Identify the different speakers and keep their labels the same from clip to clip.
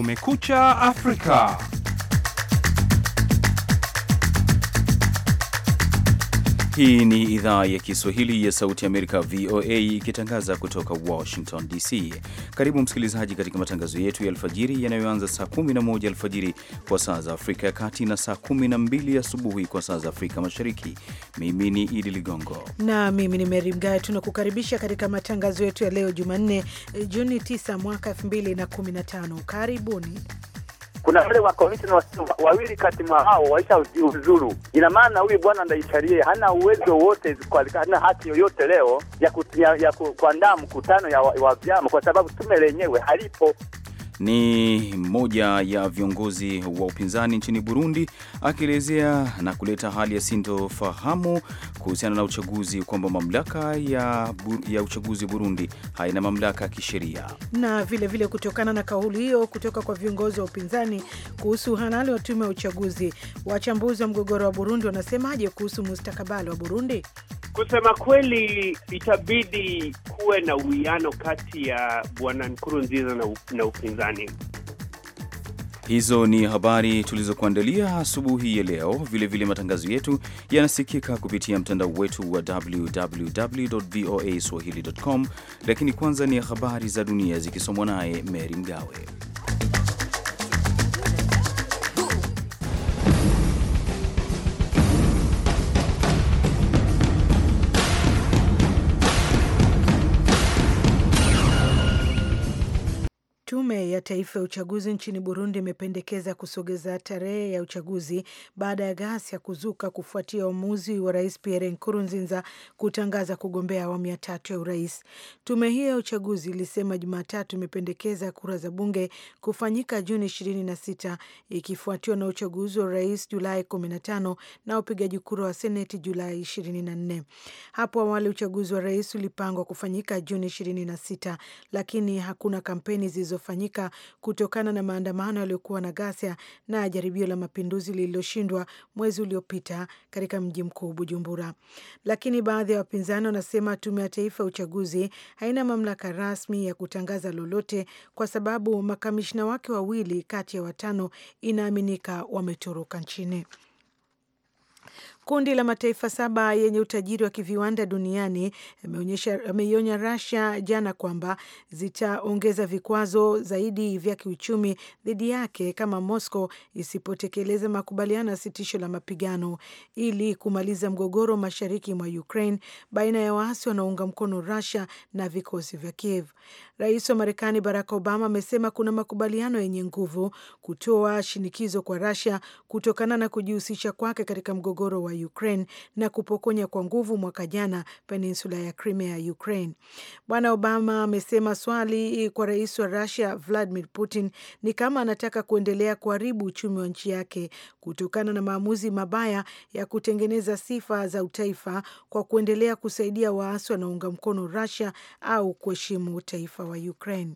Speaker 1: Kumekucha Afrika.
Speaker 2: Hii ni idhaa ya Kiswahili ya Sauti ya Amerika, VOA, ikitangaza kutoka Washington DC. Karibu msikilizaji, katika matangazo yetu ya alfajiri yanayoanza saa 11 alfajiri kwa saa za Afrika ya Kati na saa 12 asubuhi kwa saa za Afrika Mashariki. Mimi ni Idi Ligongo
Speaker 3: na mimi ni Meri Mgawe. Tunakukaribisha katika matangazo yetu ya leo Jumanne, eh, Juni 9 mwaka 2015. Karibuni
Speaker 4: kuna wale wakomishina wawili kati mwa hao waisha uzuru. Ina maana huyu bwana ndaisharie hana uwezo wote, hana hati yoyote leo ya, ya, ya kuandaa mkutano ya wa vyama kwa sababu tume lenyewe halipo
Speaker 2: ni mmoja ya viongozi wa upinzani nchini Burundi akielezea na kuleta hali ya sintofahamu kuhusiana na uchaguzi kwamba mamlaka ya, ya uchaguzi Burundi haina mamlaka ya kisheria.
Speaker 3: Na vilevile vile kutokana na kauli hiyo kutoka kwa viongozi wa upinzani kuhusu uhalali wa tume ya uchaguzi, wachambuzi wa mgogoro wa Burundi wanasemaje kuhusu mustakabali wa Burundi?
Speaker 1: Kusema kweli, itabidi kuwe na uwiano kati ya Bwana Nkurunziza na upinzani Marekani.
Speaker 2: Hizo ni habari tulizokuandalia asubuhi ya leo. Vilevile vile matangazo yetu yanasikika kupitia mtandao wetu wa www voa swahili.com, lakini kwanza ni habari za dunia zikisomwa naye mary Mgawe.
Speaker 3: Tume ya Taifa ya Uchaguzi nchini Burundi imependekeza kusogeza tarehe ya uchaguzi baada ya ghasia kuzuka kufuatia uamuzi wa Rais Pierre Nkurunziza kutangaza kugombea awamu ya tatu ya urais. Tume hiyo ya uchaguzi ilisema Jumatatu imependekeza kura za bunge kufanyika Juni 26 ikifuatiwa na uchaguzi wa rais Julai 15 na upigaji kura wa seneti Julai 24. Hapo awali uchaguzi wa rais ulipangwa kufanyika Juni 26 lakini hakuna kampeni zilizofanyika kufanyika kutokana na maandamano yaliyokuwa na ghasia na jaribio la mapinduzi lililoshindwa mwezi uliopita katika mji mkuu Bujumbura. Lakini baadhi ya wapinzani wanasema tume ya taifa ya uchaguzi haina mamlaka rasmi ya kutangaza lolote kwa sababu makamishna wake wawili kati ya watano inaaminika wametoroka nchini. Kundi la mataifa saba yenye utajiri wa kiviwanda duniani ameionya Russia jana kwamba zitaongeza vikwazo zaidi vya kiuchumi dhidi yake kama Moscow isipotekeleza makubaliano ya sitisho la mapigano ili kumaliza mgogoro mashariki mwa Ukraine baina ya waasi wanaounga mkono Russia na vikosi vya Kiev. Rais wa Marekani Barack Obama amesema kuna makubaliano yenye nguvu kutoa shinikizo kwa Russia kutokana na kujihusisha kwake katika mgogoro wa Ukraine na kupokonya kwa nguvu mwaka jana peninsula ya Crimea ya Ukraine. Bwana Obama amesema swali kwa rais wa Russia Vladimir Putin ni kama anataka kuendelea kuharibu uchumi wa nchi yake kutokana na maamuzi mabaya ya kutengeneza sifa za utaifa kwa kuendelea kusaidia waasi wanaounga mkono Russia au kuheshimu utaifa wa Ukraine.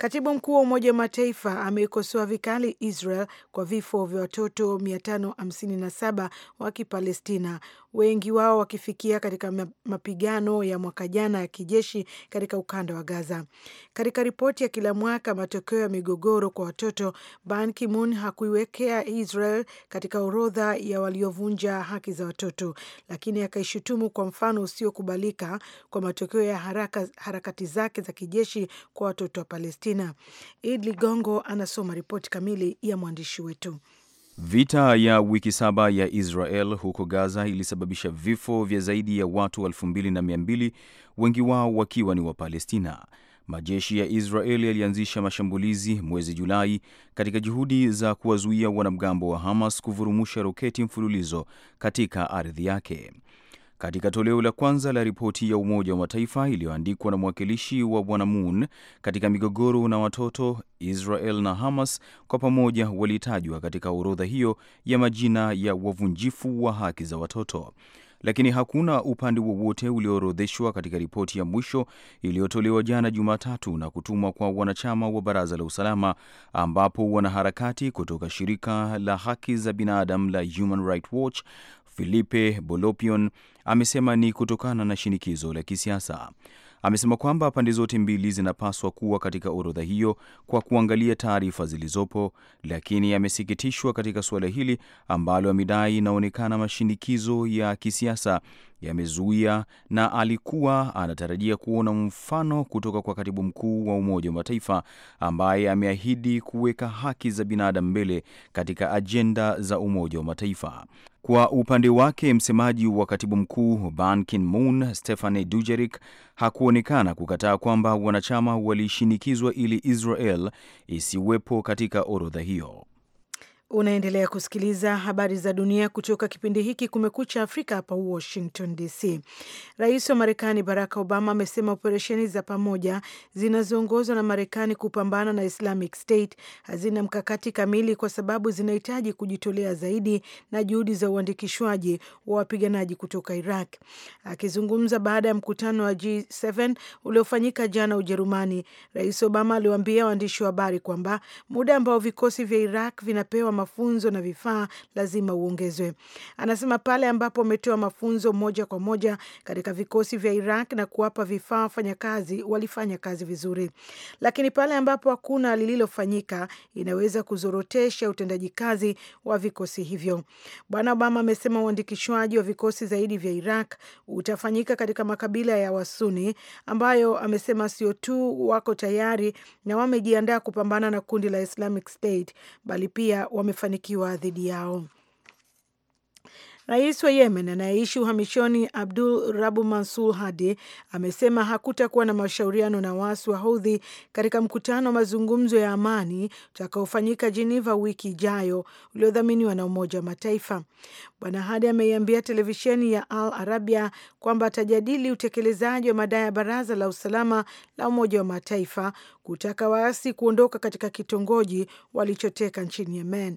Speaker 3: Katibu mkuu wa Umoja wa Mataifa ameikosoa vikali Israel kwa vifo vya watoto 557 wa Kipalestina wengi wao wakifikia katika mapigano ya mwaka jana ya kijeshi katika ukanda wa Gaza. Katika ripoti ya kila mwaka matokeo ya migogoro kwa watoto, Ban Ki-moon hakuiwekea Israel katika orodha ya waliovunja haki za watoto, lakini akaishutumu kwa mfano usiokubalika kwa matokeo ya haraka, harakati zake za kijeshi kwa watoto wa Palestina. Id Ligongo anasoma ripoti kamili ya mwandishi wetu.
Speaker 2: Vita ya wiki saba ya Israel huko Gaza ilisababisha vifo vya zaidi ya watu elfu wengi wao wakiwa ni Wapalestina. Majeshi ya Israel yalianzisha mashambulizi mwezi Julai katika juhudi za kuwazuia wanamgambo wa Hamas kuvurumusha roketi mfululizo katika ardhi yake. Katika toleo la kwanza la ripoti ya Umoja wa Mataifa iliyoandikwa na mwakilishi wa Bwana Moon katika migogoro na watoto, Israel na Hamas kwa pamoja walitajwa katika orodha hiyo ya majina ya wavunjifu wa haki za watoto lakini hakuna upande wowote ulioorodheshwa katika ripoti ya mwisho iliyotolewa jana Jumatatu na kutumwa kwa wanachama wa Baraza la Usalama, ambapo wanaharakati kutoka shirika la haki za binadamu la Human Rights Watch filipe Bolopion amesema ni kutokana na shinikizo la kisiasa. Amesema kwamba pande zote mbili zinapaswa kuwa katika orodha hiyo kwa kuangalia taarifa zilizopo, lakini amesikitishwa katika suala hili ambalo amedai inaonekana mashinikizo ya kisiasa yamezuia na alikuwa anatarajia kuona mfano kutoka kwa katibu mkuu wa Umoja wa Mataifa ambaye ameahidi kuweka haki za binadamu mbele katika ajenda za Umoja wa Mataifa. Kwa upande wake, msemaji wa katibu mkuu Ban Ki-moon Stephane Dujarric hakuonekana kukataa kwamba wanachama walishinikizwa ili Israel isiwepo katika orodha hiyo.
Speaker 3: Unaendelea kusikiliza habari za dunia kutoka kipindi hiki Kumekucha Afrika hapa Washington DC. Rais wa Marekani Barack Obama amesema operesheni za pamoja zinazoongozwa na Marekani kupambana na Islamic State hazina mkakati kamili kwa sababu zinahitaji kujitolea zaidi na juhudi za uandikishwaji wa wapiganaji kutoka Iraq. Akizungumza baada ya mkutano wa G7 uliofanyika jana Ujerumani, Rais Obama aliwaambia waandishi wa habari kwamba muda ambao vikosi vya Iraq vinapewa mafunzo na vifaa lazima uongezwe. Anasema pale ambapo wametoa mafunzo moja kwa moja katika vikosi vya Iraq na kuwapa vifaa wafanyakazi, walifanya kazi vizuri, lakini pale ambapo hakuna lililofanyika, inaweza kuzorotesha utendaji kazi wa vikosi hivyo. Bwana Obama amesema uandikishwaji wa vikosi zaidi vya Iraq utafanyika katika makabila ya Wasuni ambayo amesema sio tu wako tayari na wamejiandaa kupambana na kundi la Islamic State bali pia wame wamefanikiwa dhidi yao. Rais wa Yemen anayeishi uhamishoni Abdul Rabu Mansur Hadi amesema hakutakuwa na mashauriano na waasi wa Houthi katika mkutano wa mazungumzo ya amani utakaofanyika Geneva wiki ijayo uliodhaminiwa na Umoja wa Mataifa. Bwana Hadi ameiambia televisheni ya Al Arabia kwamba atajadili utekelezaji wa madai ya Baraza la Usalama la Umoja wa Mataifa kutaka waasi kuondoka katika kitongoji walichoteka nchini Yemen.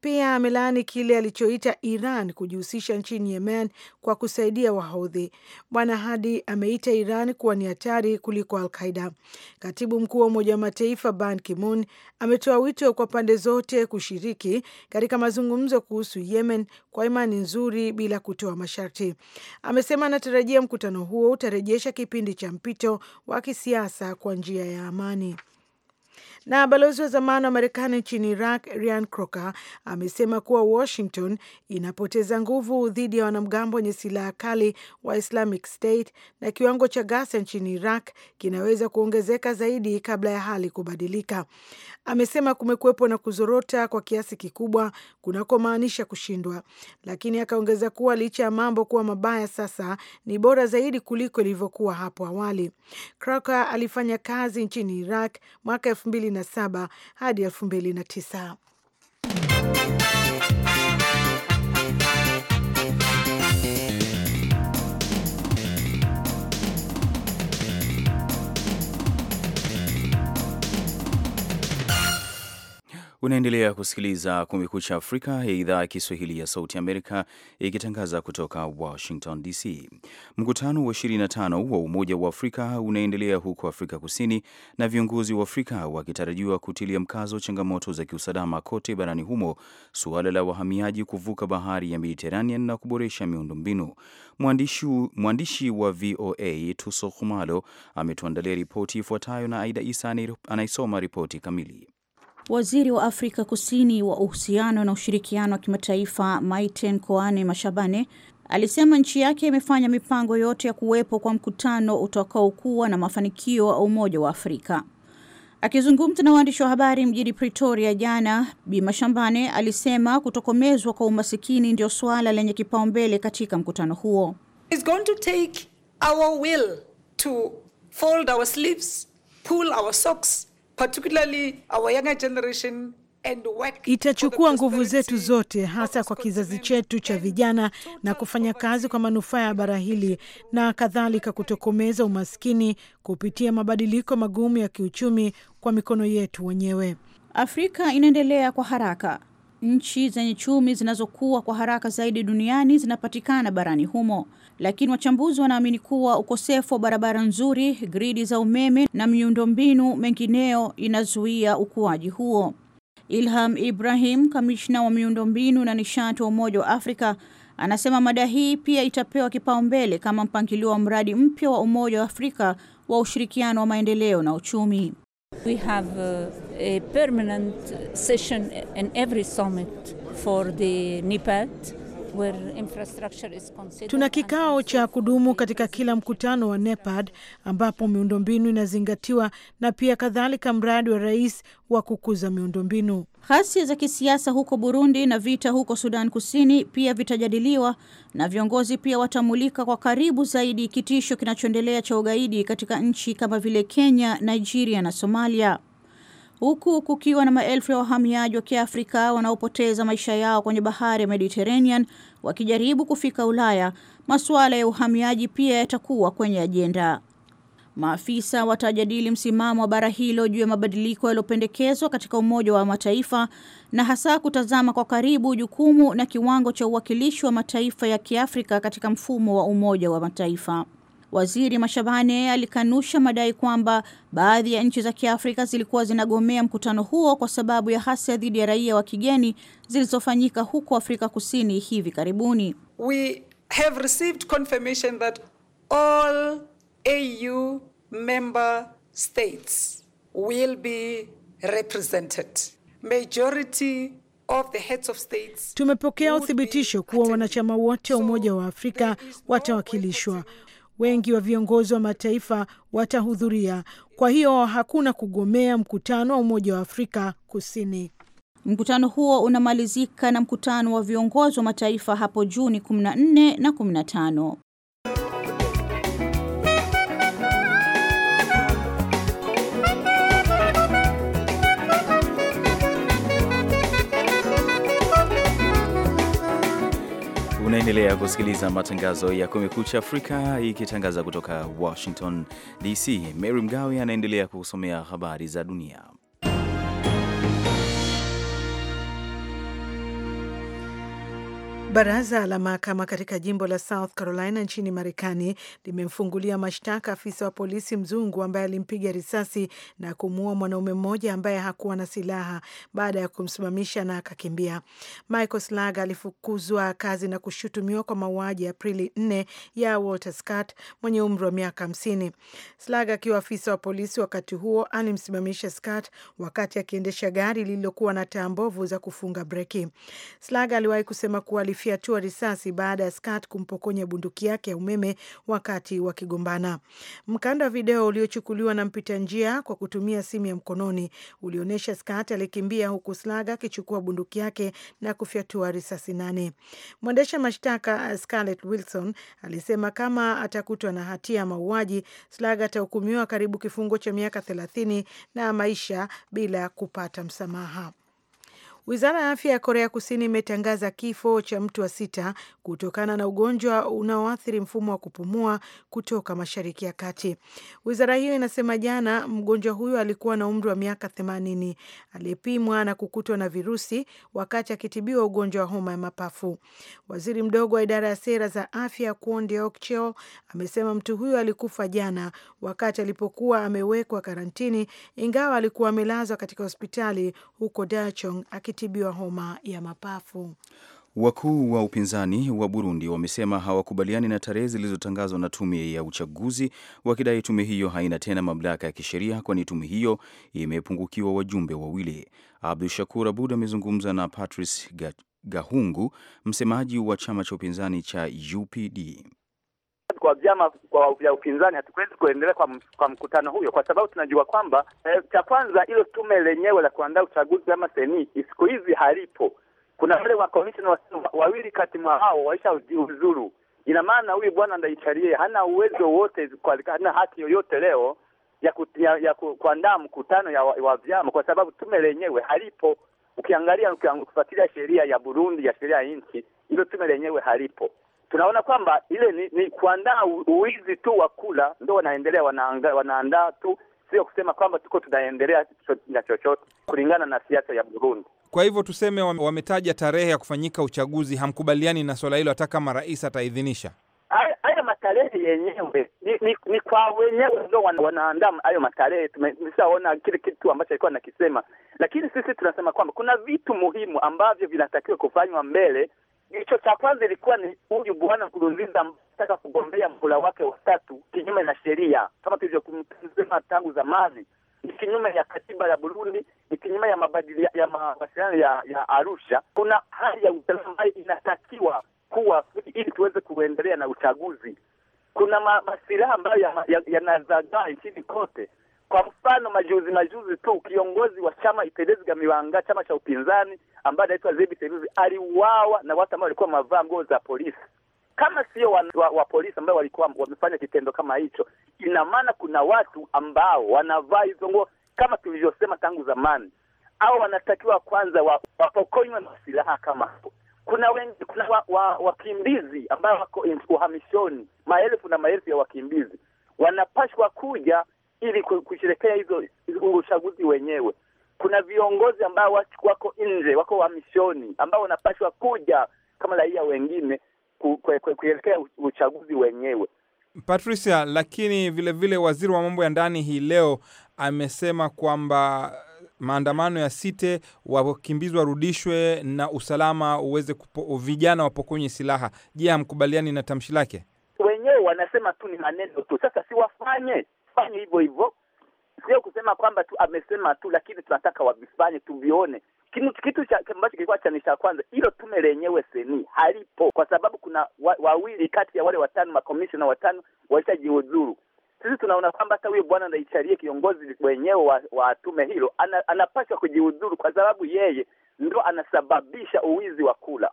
Speaker 3: Pia amelaani kile alichoita Iran kujiuza kujihusisha nchini Yemen kwa kusaidia Wahodhi. Bwana Hadi ameita Iran kuwa ni hatari kuliko Al Qaida. Katibu mkuu wa Umoja wa Mataifa Ban Kimun ametoa wito kwa pande zote kushiriki katika mazungumzo kuhusu Yemen kwa imani nzuri bila kutoa masharti. Amesema anatarajia mkutano huo utarejesha kipindi cha mpito wa kisiasa kwa njia ya amani. Na balozi wa zamani wa Marekani nchini Iraq Ryan Crocker amesema kuwa Washington inapoteza nguvu dhidi ya wanamgambo wenye silaha kali wa Islamic State na kiwango cha ghasia nchini Iraq kinaweza kuongezeka zaidi kabla ya hali kubadilika. Amesema kumekuwepo na kuzorota kwa kiasi kikubwa kunakomaanisha kushindwa, lakini akaongeza kuwa licha ya mambo kuwa mabaya sasa ni bora zaidi kuliko ilivyokuwa hapo awali. Crocker alifanya kazi nchini Iraq mwaka elfu mbili 2007 hadi 2009.
Speaker 2: Unaendelea kusikiliza Kumekucha Afrika ya idhaa ya Kiswahili ya Sauti Amerika ikitangaza kutoka Washington DC. Mkutano wa 25 wa Umoja wa Afrika unaendelea huko Afrika Kusini na viongozi wa Afrika wakitarajiwa kutilia mkazo changamoto za kiusalama kote barani humo, suala la wahamiaji kuvuka bahari ya Mediterranean na kuboresha miundombinu. Mwandishi, mwandishi wa VOA Tuso Khumalo ametuandalia ripoti ifuatayo na Aida Isa anaisoma ripoti kamili.
Speaker 5: Waziri wa Afrika Kusini wa uhusiano na ushirikiano wa kimataifa Maiten Koane Mashabane alisema nchi yake imefanya mipango yote ya kuwepo kwa mkutano utakaokuwa na mafanikio wa Umoja wa Afrika. Akizungumza na waandishi wa habari mjini Pretoria jana, Bi Mashambane alisema kutokomezwa kwa umasikini ndio suala lenye kipaumbele katika mkutano huo.
Speaker 3: It's going to take our will to fold our sleeves, pull our socks Itachukua nguvu zetu zote, hasa kwa kizazi chetu cha vijana, na kufanya kazi kwa manufaa ya bara hili na kadhalika, kutokomeza umaskini kupitia mabadiliko magumu ya
Speaker 5: kiuchumi kwa mikono yetu wenyewe. Afrika inaendelea kwa haraka Nchi zenye chumi zinazokuwa kwa haraka zaidi duniani zinapatikana barani humo, lakini wachambuzi wanaamini kuwa ukosefu wa barabara nzuri, gridi za umeme na miundombinu mengineyo inazuia ukuaji huo. Ilham Ibrahim, kamishna wa miundombinu na nishati wa Umoja wa Afrika, anasema mada hii pia itapewa kipaumbele kama mpangilio wa mradi mpya wa Umoja wa Afrika wa ushirikiano wa maendeleo na uchumi.
Speaker 6: We have uh, a permanent session in every summit for the NIPAD Tuna
Speaker 3: kikao cha kudumu katika kila mkutano wa NEPAD ambapo miundombinu inazingatiwa na
Speaker 5: pia kadhalika mradi wa rais wa kukuza miundombinu. Ghasia za kisiasa huko Burundi na vita huko Sudan Kusini pia vitajadiliwa na viongozi pia watamulika kwa karibu zaidi kitisho kinachoendelea cha ugaidi katika nchi kama vile Kenya, Nigeria na Somalia huku kukiwa na maelfu ya wahamiaji wa Kiafrika wanaopoteza maisha yao kwenye bahari ya Mediterranean wakijaribu kufika Ulaya. Masuala ya uhamiaji pia yatakuwa kwenye ajenda. Maafisa watajadili msimamo wa bara hilo juu ya mabadiliko yaliyopendekezwa katika Umoja wa Mataifa na hasa kutazama kwa karibu jukumu na kiwango cha uwakilishi wa mataifa ya Kiafrika katika mfumo wa Umoja wa Mataifa. Waziri Mashabane alikanusha madai kwamba baadhi ya nchi za Kiafrika zilikuwa zinagomea mkutano huo kwa sababu ya hasia dhidi ya raia wa kigeni zilizofanyika huko Afrika Kusini hivi karibuni.
Speaker 3: We have received confirmation that all AU member states will be represented. Majority Of the heads of states, tumepokea uthibitisho kuwa wanachama wote wa Umoja wa Afrika watawakilishwa wengi wa viongozi wa mataifa watahudhuria, kwa hiyo hakuna
Speaker 5: kugomea mkutano wa Umoja wa Afrika Kusini. Mkutano huo unamalizika na mkutano wa viongozi wa mataifa hapo Juni 14 na 15.
Speaker 2: Unaendelea kusikiliza matangazo ya Kumekucha Afrika ikitangaza kutoka Washington DC. Mary Mgawe anaendelea kusomea habari za dunia.
Speaker 3: Baraza la mahakama katika jimbo la South Carolina nchini Marekani limemfungulia mashtaka afisa wa polisi mzungu ambaye alimpiga risasi na kumuua mwanaume mmoja ambaye hakuwa na silaha baada ya kumsimamisha na akakimbia. Michael Slager alifukuzwa kazi na kushutumiwa kwa mauaji Aprili 4 ya Walter Scott mwenye umri wa miaka 50. Slager akiwa afisa wa polisi wakati huo alimsimamisha Scott wakati akiendesha gari lililokuwa na taa mbovu za kufunga breki. Slager aliwahi kusema kuwa alifyatua risasi baada ya Scott kumpokonya bunduki yake ya umeme wakati wakigombana. Mkanda wa video uliochukuliwa na mpita njia kwa kutumia simu ya mkononi ulionyesha Scott alikimbia huku Slaga akichukua bunduki yake na kufyatua risasi nane. Mwendesha mashtaka eh, Scarlett Wilson alisema kama atakutwa na hatia ya mauaji, Slaga atahukumiwa karibu kifungo cha miaka thelathini na maisha bila kupata msamaha. Wizara ya afya ya Korea Kusini imetangaza kifo cha mtu wa sita kutokana na ugonjwa unaoathiri mfumo wa kupumua kutoka Mashariki ya Kati. Wizara hiyo inasema jana mgonjwa huyo alikuwa na umri wa miaka themanini aliyepimwa na kukutwa na virusi wakati akitibiwa ugonjwa wa homa ya mapafu. Waziri mdogo wa idara ya sera za afya Kwon amesema mtu huyo alikufa jana wakati alipokuwa amewekwa karantini, ingawa alikuwa amelazwa katika hospitali huko Dachong kutibiwa homa ya mapafu.
Speaker 2: Wakuu wa upinzani wa Burundi wamesema hawakubaliani na tarehe zilizotangazwa na tume ya uchaguzi, wakidai tume hiyo haina tena mamlaka ya kisheria, kwani tume hiyo imepungukiwa wajumbe wawili. Abdu Shakur Abud amezungumza na Patrice Gahungu, msemaji wa chama cha upinzani cha UPD
Speaker 4: kwa vyama kwa vya upinzani hatukuwezi kuendelea kwa, kwa mkutano huyo, kwa sababu tunajua kwamba eh, cha kwanza ilo tume lenyewe la kuandaa uchaguzi ama seni siku hizi halipo. Kuna wale wakomishina wawili kati mwa hao waisha uzuru. Ina maana huyu bwana Ndayicariye hana uwezo wote, hana haki yoyote leo ya, ku, ya, ya ku, kuandaa mkutano ya, wa vyama kwa sababu tume lenyewe halipo. Ukiangalia ukifuatilia sheria ya Burundi ya sheria ya nchi, ilo tume lenyewe halipo tunaona kwamba ile ni, ni kuandaa uwizi tu wa kula, ndo wanaendelea wanaandaa, tu, sio kusema kwamba tuko tunaendelea na chochote kulingana na siasa ya Burundi.
Speaker 1: Kwa hivyo tuseme, wametaja tarehe ya kufanyika uchaguzi, hamkubaliani na swala hilo, hata kama rais ataidhinisha
Speaker 4: haya matarehe yenyewe ni, ni, ni kwa wenyewe ndo wanaandaa hayo matarehe. Tumeshaona kile kitu ambacho alikuwa nakisema, lakini sisi tunasema kwamba kuna vitu muhimu ambavyo vinatakiwa kufanywa mbele Jicho cha kwanza ilikuwa ni huyu bwana Nkurunziza taka kugombea mhula wake watatu kinyume na sheria, kama tulivyokumsema tangu zamani, ni kinyume ya katiba ya Burundi, ni kinyume ya mabadili ya mawasiliano ya, ya Arusha. Kuna hali ya usalama ambayo inatakiwa kuwa ili tuweze kuendelea na uchaguzi. Kuna masilaha ambayo yanazagaa ya, ya nchini kote kwa mfano majuzi majuzi tu kiongozi wa chama Ipelezi Gamiwanga, chama cha upinzani ambaye anaitwa Zebi Teruzi aliuawa na watu ambao walikuwa wamevaa nguo za polisi. Kama sio wa, wa, wa polisi ambao walikuwa wamefanya kitendo kama hicho, ina maana kuna watu ambao wanavaa hizo nguo kama tulivyosema tangu zamani, au wanatakiwa kwanza wapokonywe silaha kama hapo. Kuna wengi, kuna wa, wa, wakimbizi ambao wako uhamishoni, maelfu na maelfu ya wakimbizi wanapashwa kuja ili kusherekea hizo uchaguzi wenyewe. Kuna viongozi ambao wako nje, wako wamishoni, ambao wanapashwa kuja kama raia wengine kuelekea uchaguzi wenyewe.
Speaker 1: Patricia, lakini vile vile waziri wa mambo ya ndani hii leo amesema kwamba uh, maandamano ya site, wakimbizi warudishwe na usalama uweze kupo, vijana wapokonye silaha. Je, hamkubaliani na tamshi lake?
Speaker 4: Wenyewe wanasema tu ni maneno tu, sasa siwafanye wafanye hivyo hivyo, sio kusema kwamba tu amesema tu, lakini tunataka wavifanye, tuvione kitu ambacho kilikuwa chani cha kwanza, hilo tume lenyewe seni halipo, kwa sababu kuna wa, wawili kati ya wale watano makomishona watano walishajiuzuru. Sisi tunaona kwamba hata huyo bwana ndaicharie kiongozi wenyewe wa, wa tume hilo ana, anapaswa kujiuzuru kwa sababu yeye ndo anasababisha uwizi wa kula.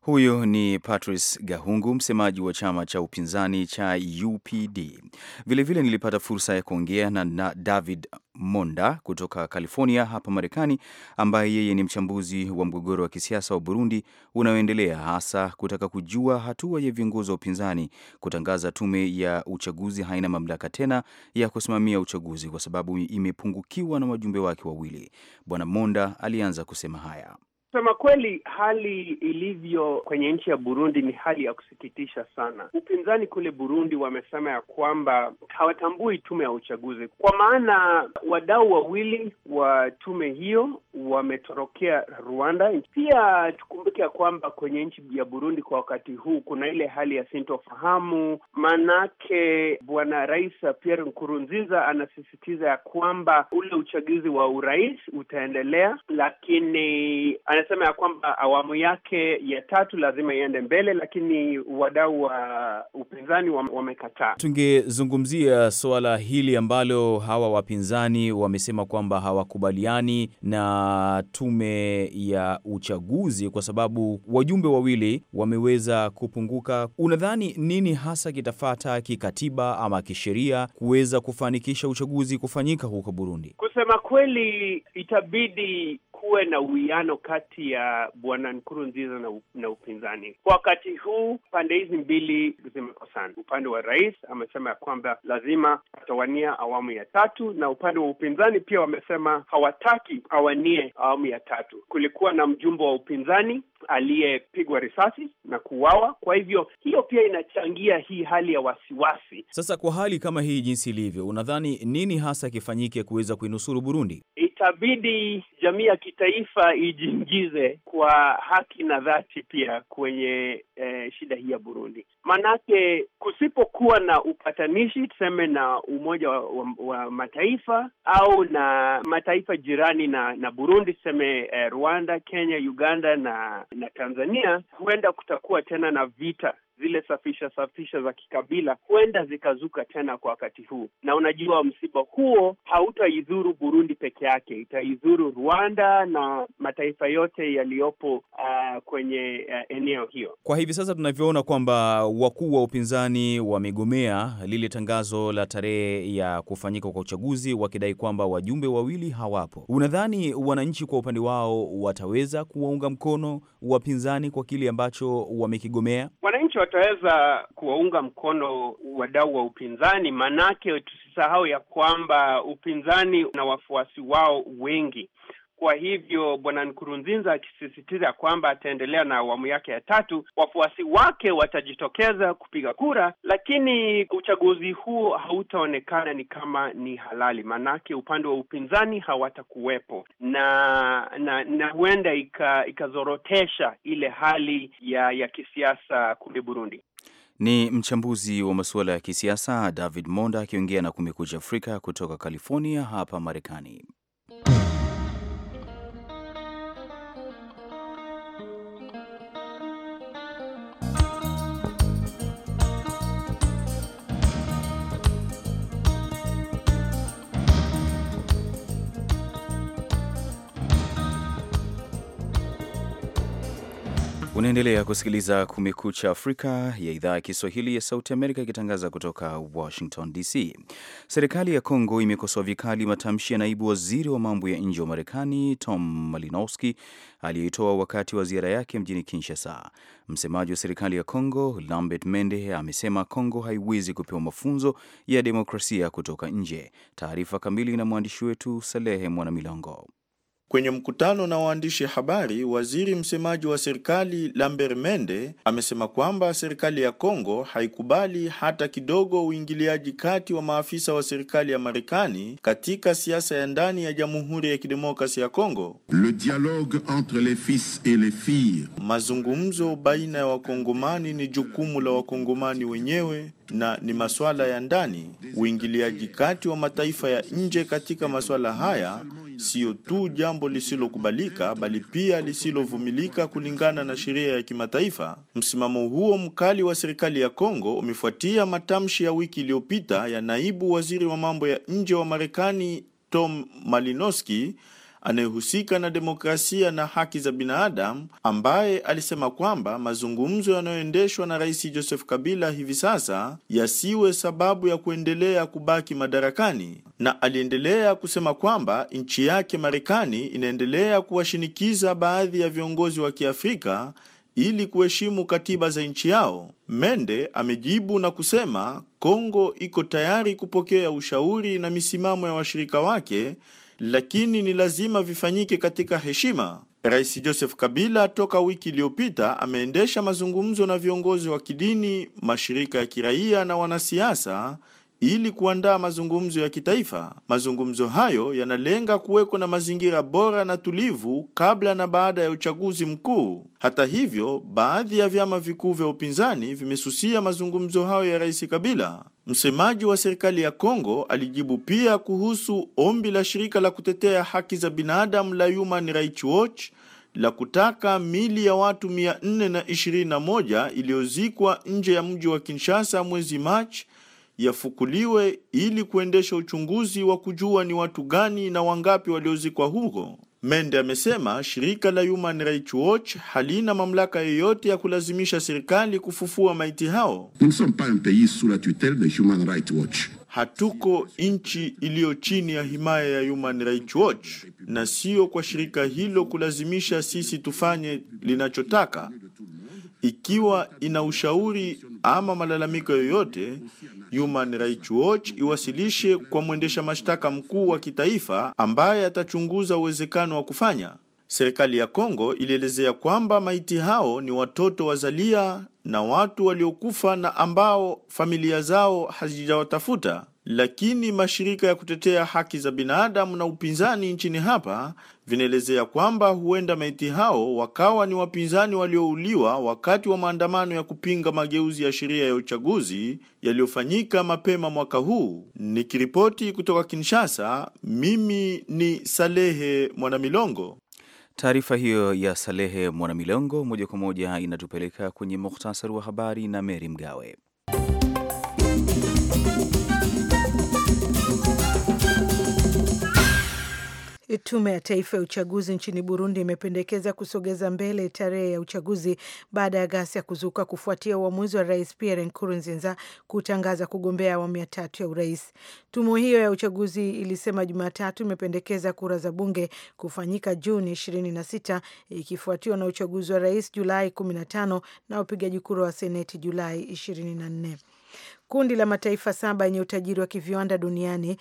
Speaker 2: Huyu ni Patrice Gahungu, msemaji wa chama cha upinzani cha UPD. Vilevile nilipata fursa ya kuongea na, na David Monda kutoka California hapa Marekani, ambaye yeye ni mchambuzi wa mgogoro wa kisiasa wa Burundi unaoendelea, hasa kutaka kujua hatua ya viongozi wa upinzani kutangaza tume ya uchaguzi haina mamlaka tena ya kusimamia uchaguzi kwa sababu imepungukiwa na wajumbe wake wawili. Bwana Monda alianza kusema haya.
Speaker 1: Kusema kweli, hali ilivyo kwenye nchi ya Burundi ni hali ya kusikitisha sana. Upinzani kule Burundi wamesema ya kwamba hawatambui tume ya uchaguzi, kwa maana wadau wawili wa tume hiyo wametorokea Rwanda. Pia tukumbuke ya kwamba kwenye nchi ya Burundi kwa wakati huu kuna ile hali ya sintofahamu, maanake bwana Rais Pierre Nkurunziza anasisitiza ya kwamba ule uchaguzi wa urais utaendelea, lakini anasema ya kwamba awamu yake ya tatu lazima iende mbele, lakini wadau wa upinzani wamekataa.
Speaker 2: Tungezungumzia suala hili ambalo hawa wapinzani wamesema kwamba hawakubaliani na tume ya uchaguzi kwa sababu wajumbe wawili wameweza kupunguka. Unadhani nini hasa kitafata kikatiba ama kisheria kuweza kufanikisha uchaguzi kufanyika huko Burundi?
Speaker 1: Kusema kweli, itabidi kuwe na uwiano kati ya bwana Nkurunziza na, na upinzani. Kwa wakati huu pande hizi mbili zimekosana. Upande wa rais amesema ya kwamba lazima atawania awamu ya tatu, na upande wa upinzani pia wamesema hawataki awanie awamu ya tatu. Kulikuwa na mjumbe wa upinzani aliyepigwa risasi na kuuawa. Kwa hivyo hiyo pia inachangia hii hali ya wasiwasi.
Speaker 2: Sasa kwa hali kama hii jinsi ilivyo, unadhani nini hasa kifanyike kuweza kuinusuru Burundi?
Speaker 1: itabidi jamii ya kitaifa ijiingize kwa haki na dhati pia kwenye eh, shida hii ya Burundi, maanake kusipokuwa na upatanishi tuseme na Umoja wa, wa, wa Mataifa au na mataifa jirani na na Burundi tuseme eh, Rwanda, Kenya, Uganda na na Tanzania, huenda kutakuwa tena na vita zile safisha safisha za kikabila huenda zikazuka tena kwa wakati huu, na unajua msiba huo hautaidhuru Burundi peke yake, itaidhuru Rwanda na mataifa yote yaliyopo uh, kwenye uh, eneo hiyo.
Speaker 2: Kwa hivi sasa tunavyoona kwamba wakuu wa upinzani wamegomea lile tangazo la tarehe ya kufanyika kwa uchaguzi, wakidai kwamba wajumbe wawili hawapo. Unadhani wananchi kwa upande wao wataweza kuwaunga mkono wapinzani kwa kile ambacho wamekigomea?
Speaker 1: Wananchi wa hatutaweza kuwaunga mkono wadau wa upinzani, maanake tusisahau ya kwamba upinzani na wafuasi wao wengi kwa hivyo bwana Nkurunziza akisisitiza kwamba ataendelea na awamu yake ya tatu, wafuasi wake watajitokeza kupiga kura, lakini uchaguzi huo hautaonekana ni kama ni halali, maanake upande wa upinzani hawatakuwepo na na na huenda ikazorotesha ile hali ya ya kisiasa kule Burundi.
Speaker 2: Ni mchambuzi wa masuala ya kisiasa David Monda akiongea na Kumekucha Afrika kutoka California hapa Marekani. Unaendelea kusikiliza Kumekucha Afrika ya idhaa ya Kiswahili ya Sauti Amerika ikitangaza kutoka Washington DC. Serikali ya Kongo imekosoa vikali matamshi ya naibu waziri wa mambo ya nje wa Marekani Tom Malinowski aliyoitoa wakati wa ziara yake mjini Kinshasa. Msemaji wa serikali ya Kongo Lambert Mende amesema Kongo haiwezi kupewa mafunzo ya demokrasia kutoka nje. Taarifa kamili na mwandishi
Speaker 7: wetu Salehe Mwanamilongo. Kwenye mkutano na waandishi habari, waziri msemaji wa serikali Lambert Mende amesema kwamba serikali ya Kongo haikubali hata kidogo uingiliaji kati wa maafisa wa serikali ya Marekani katika siasa ya ndani ya Jamhuri ya Kidemokrasia ya Kongo. Le dialogue entre les fils et les filles, mazungumzo baina ya wakongomani ni jukumu la wakongomani wenyewe na ni masuala ya ndani. Uingiliaji kati wa mataifa ya nje katika masuala haya siyo tu jambo lisilokubalika, bali pia lisilovumilika kulingana na sheria ya kimataifa. Msimamo huo mkali wa serikali ya Kongo umefuatia matamshi ya wiki iliyopita ya naibu waziri wa mambo ya nje wa Marekani Tom Malinowski anayehusika na demokrasia na haki za binadamu ambaye alisema kwamba mazungumzo yanayoendeshwa na Rais Joseph Kabila hivi sasa yasiwe sababu ya kuendelea kubaki madarakani, na aliendelea kusema kwamba nchi yake Marekani inaendelea kuwashinikiza baadhi ya viongozi wa Kiafrika ili kuheshimu katiba za nchi yao. Mende amejibu na kusema Kongo iko tayari kupokea ushauri na misimamo ya washirika wake lakini ni lazima vifanyike katika heshima. Rais Joseph Kabila toka wiki iliyopita ameendesha mazungumzo na viongozi wa kidini, mashirika ya kiraia na wanasiasa ili kuandaa mazungumzo ya kitaifa. Mazungumzo hayo yanalenga kuweko na mazingira bora na tulivu kabla na baada ya uchaguzi mkuu. Hata hivyo, baadhi ya vyama vikuu vya upinzani vimesusia mazungumzo hayo ya Rais Kabila. Msemaji wa serikali ya Kongo alijibu pia kuhusu ombi la shirika la kutetea haki za binadamu la Human Rights Watch la kutaka mili ya watu 421 iliyozikwa nje ya mji wa Kinshasa mwezi Machi yafukuliwe ili kuendesha uchunguzi wa kujua ni watu gani na wangapi waliozikwa huko. Mende amesema shirika la Human Rights Watch halina mamlaka yoyote ya kulazimisha serikali kufufua maiti hao. Hatuko nchi iliyo chini ya himaya ya Human Rights Watch, na sio kwa shirika hilo kulazimisha sisi tufanye linachotaka. Ikiwa ina ushauri ama malalamiko yoyote Human Rights Watch iwasilishe kwa mwendesha mashtaka mkuu wa kitaifa ambaye atachunguza uwezekano wa kufanya. Serikali ya Kongo ilielezea kwamba maiti hao ni watoto wazalia na watu waliokufa na ambao familia zao hazijawatafuta. Lakini mashirika ya kutetea haki za binadamu na upinzani nchini hapa vinaelezea kwamba huenda maiti hao wakawa ni wapinzani waliouliwa wakati wa maandamano ya kupinga mageuzi ya sheria ya uchaguzi yaliyofanyika mapema mwaka huu. Nikiripoti kutoka Kinshasa, mimi ni Salehe Mwanamilongo.
Speaker 2: Taarifa hiyo ya Salehe Mwanamilongo moja kwa moja inatupeleka kwenye muhtasari wa habari na Meri Mgawe.
Speaker 3: Tume ya Taifa ya Uchaguzi nchini Burundi imependekeza kusogeza mbele tarehe ya uchaguzi baada ya ghasia kuzuka kufuatia uamuzi wa Rais Pierre Nkurunziza kutangaza kugombea awamu ya tatu ya urais. Tume hiyo ya uchaguzi ilisema Jumatatu imependekeza kura za bunge kufanyika Juni 26 ikifuatiwa na uchaguzi wa rais Julai 15 na upigaji kura wa seneti Julai 24. Kundi la mataifa saba yenye utajiri wa kiviwanda duniani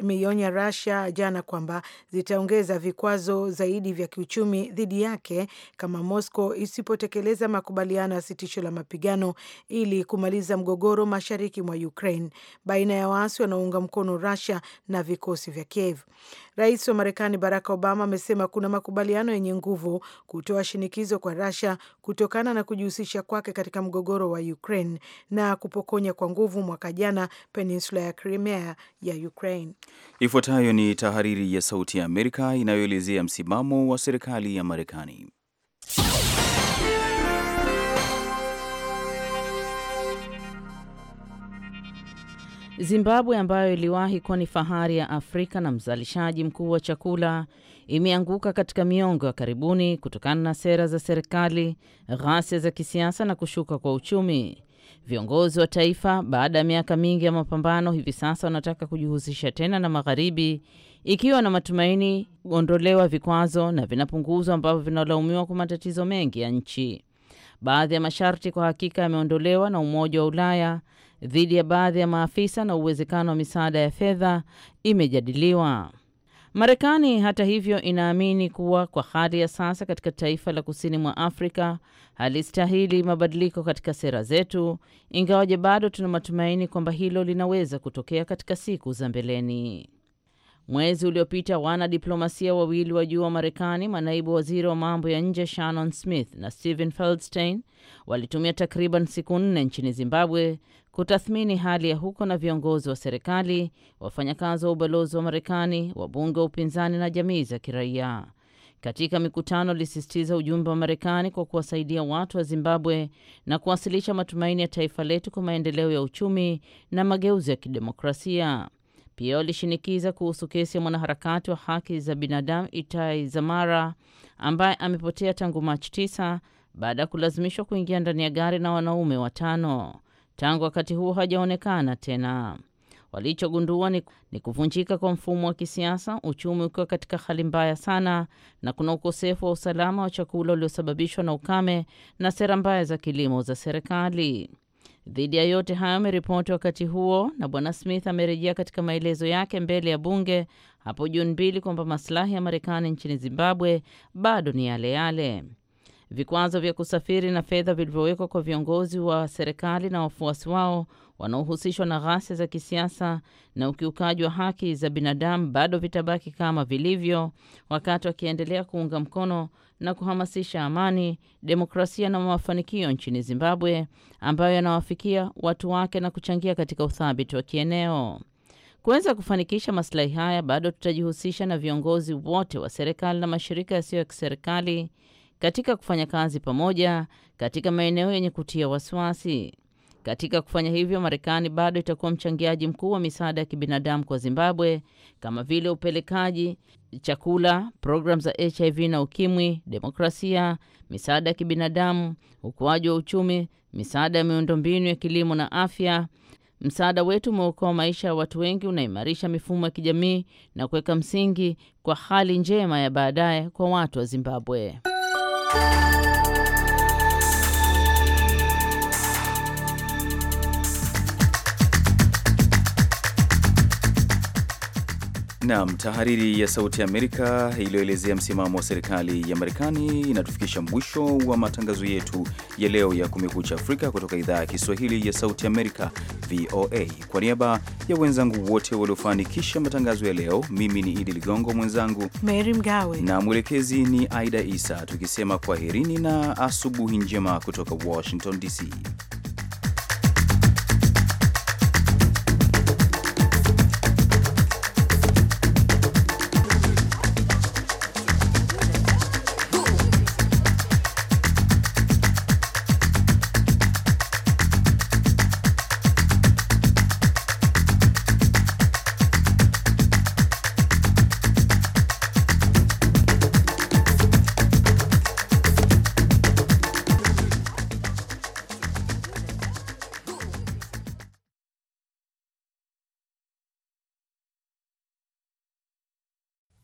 Speaker 3: imeionya rasia jana kwamba zitaongeza vikwazo zaidi vya kiuchumi dhidi yake kama Moscow isipotekeleza makubaliano ya sitisho la mapigano ili kumaliza mgogoro mashariki mwa Ukraine baina ya waasi wanaounga mkono Russia na vikosi vya Kiev. Rais wa Marekani Barack Obama amesema kuna makubaliano yenye nguvu kutoa shinikizo kwa rasia kutokana na kujihusisha kwake katika mgogoro wa Ukraine na kupokonya kuponya kwa nguvu mwaka jana peninsula ya Crimea ya Ukraine.
Speaker 2: Ifuatayo ni tahariri ya Sauti ya Amerika inayoelezea msimamo wa serikali ya Marekani.
Speaker 6: Zimbabwe ambayo iliwahi kuwa ni fahari ya Afrika na mzalishaji mkuu wa chakula imeanguka katika miongo ya karibuni kutokana na sera za serikali, ghasia za kisiasa na kushuka kwa uchumi. Viongozi wa taifa baada ya miaka mingi ya mapambano hivi sasa wanataka kujihusisha tena na magharibi ikiwa na matumaini kuondolewa vikwazo na vinapunguzwa ambavyo vinalaumiwa kwa matatizo mengi ya nchi. Baadhi ya masharti kwa hakika yameondolewa na Umoja wa Ulaya dhidi ya baadhi ya maafisa na uwezekano wa misaada ya fedha imejadiliwa. Marekani hata hivyo inaamini kuwa kwa hali ya sasa katika taifa la kusini mwa Afrika halistahili mabadiliko katika sera zetu, ingawaje bado tuna matumaini kwamba hilo linaweza kutokea katika siku za mbeleni. Mwezi uliopita wanadiplomasia wawili wa juu wa Marekani, manaibu waziri wa mambo ya nje Shannon Smith na Stephen Feldstein, walitumia takriban siku nne nchini Zimbabwe kutathmini hali ya huko na viongozi wa serikali, wafanyakazi wa ubalozi wa Marekani, wabunge wa upinzani na jamii za kiraia. Katika mikutano ilisisitiza ujumbe wa Marekani kwa kuwasaidia watu wa Zimbabwe na kuwasilisha matumaini ya taifa letu kwa maendeleo ya uchumi na mageuzi ya kidemokrasia. Pia walishinikiza kuhusu kesi ya mwanaharakati wa haki za binadamu Itai Zamara ambaye amepotea tangu Machi 9 baada ya kulazimishwa kuingia ndani ya gari na wanaume watano. Tangu wakati huo hajaonekana tena. Walichogundua ni, ni kuvunjika kwa mfumo wa kisiasa, uchumi ukiwa katika hali mbaya sana, na kuna ukosefu wa usalama wa chakula uliosababishwa na ukame na sera mbaya za kilimo za serikali. Dhidi ya yote hayo ameripoti wakati huo, na bwana Smith amerejea katika maelezo yake mbele ya bunge hapo Juni mbili kwamba masilahi ya Marekani nchini Zimbabwe bado ni yale yale. Vikwazo vya kusafiri na fedha vilivyowekwa kwa viongozi wa serikali na wafuasi wao wanaohusishwa na ghasia za kisiasa na ukiukaji wa haki za binadamu bado vitabaki kama vilivyo, wakati wakiendelea kuunga mkono na kuhamasisha amani, demokrasia na mafanikio nchini Zimbabwe ambayo yanawafikia watu wake na kuchangia katika uthabiti wa kieneo. Kuweza kufanikisha maslahi haya, bado tutajihusisha na viongozi wote wa serikali na mashirika yasiyo ya kiserikali katika kufanya kazi pamoja katika maeneo yenye kutia wasiwasi. Katika kufanya hivyo, Marekani bado itakuwa mchangiaji mkuu wa misaada ya kibinadamu kwa Zimbabwe kama vile upelekaji chakula, programu za HIV na ukimwi, demokrasia, misaada ya kibinadamu, ukuaji wa uchumi, misaada ya miundombinu ya kilimo na afya. Msaada wetu umeokoa maisha ya watu wengi, unaimarisha mifumo ya kijamii na kuweka msingi kwa hali njema ya baadaye kwa watu wa Zimbabwe.
Speaker 2: Naam, tahariri ya Sauti ya Amerika iliyoelezea msimamo wa serikali ya Marekani inatufikisha mwisho wa matangazo yetu ya leo ya Kumekucha Afrika kutoka idhaa ya Kiswahili ya Sauti Amerika, VOA. Kwa niaba ya wenzangu wote waliofanikisha matangazo ya leo, mimi ni Idi Ligongo, mwenzangu
Speaker 3: Mary Mgawe
Speaker 2: na mwelekezi ni Aida Isa, tukisema kwaherini na asubuhi njema kutoka Washington DC.